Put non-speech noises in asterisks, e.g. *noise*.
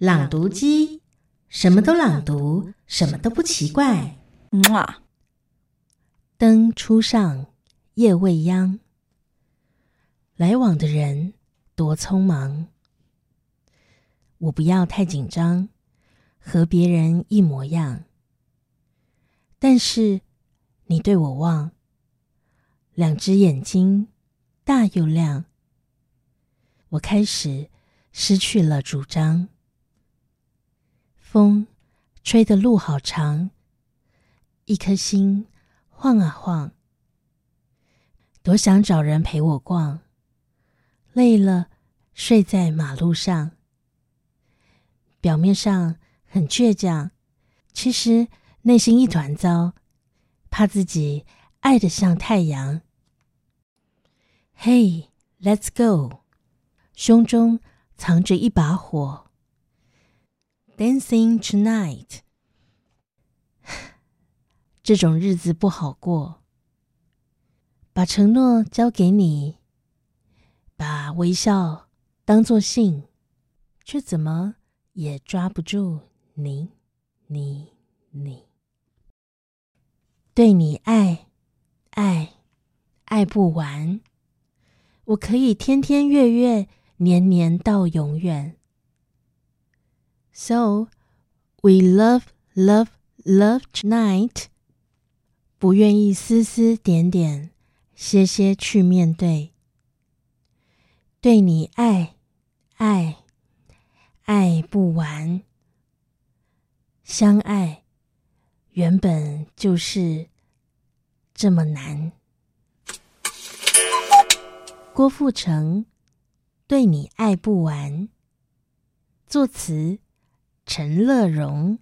朗讀姬什麼，朗讀什麼都朗讀，什麼都不奇怪。木燈初上，夜未央，來往的人多匆忙。我不要太緊張，和別人一模樣。但是你對我望，兩隻眼睛大又亮。我開始失去了主張。風吹的路好長，一顆心晃啊晃，多想找人陪我逛。累了，睡在馬路上。表面上很倔強，其實內心一團糟，怕自己愛的像太陽。Hey，let's go，胸中藏着一把火。Dancing tonight， *laughs* 這種日子不好過。把承諾交給你，把微笑當作信，卻怎麼也抓不住你，你，你。對你愛，愛，愛不完。我可以天天月月年年到永遠。So, we love, love, love tonight。不願意絲絲點點、些些去面對，對你愛、愛、愛不完。相愛原本就是這麼難。郭富城，對你愛不完。作詞。陳樂融。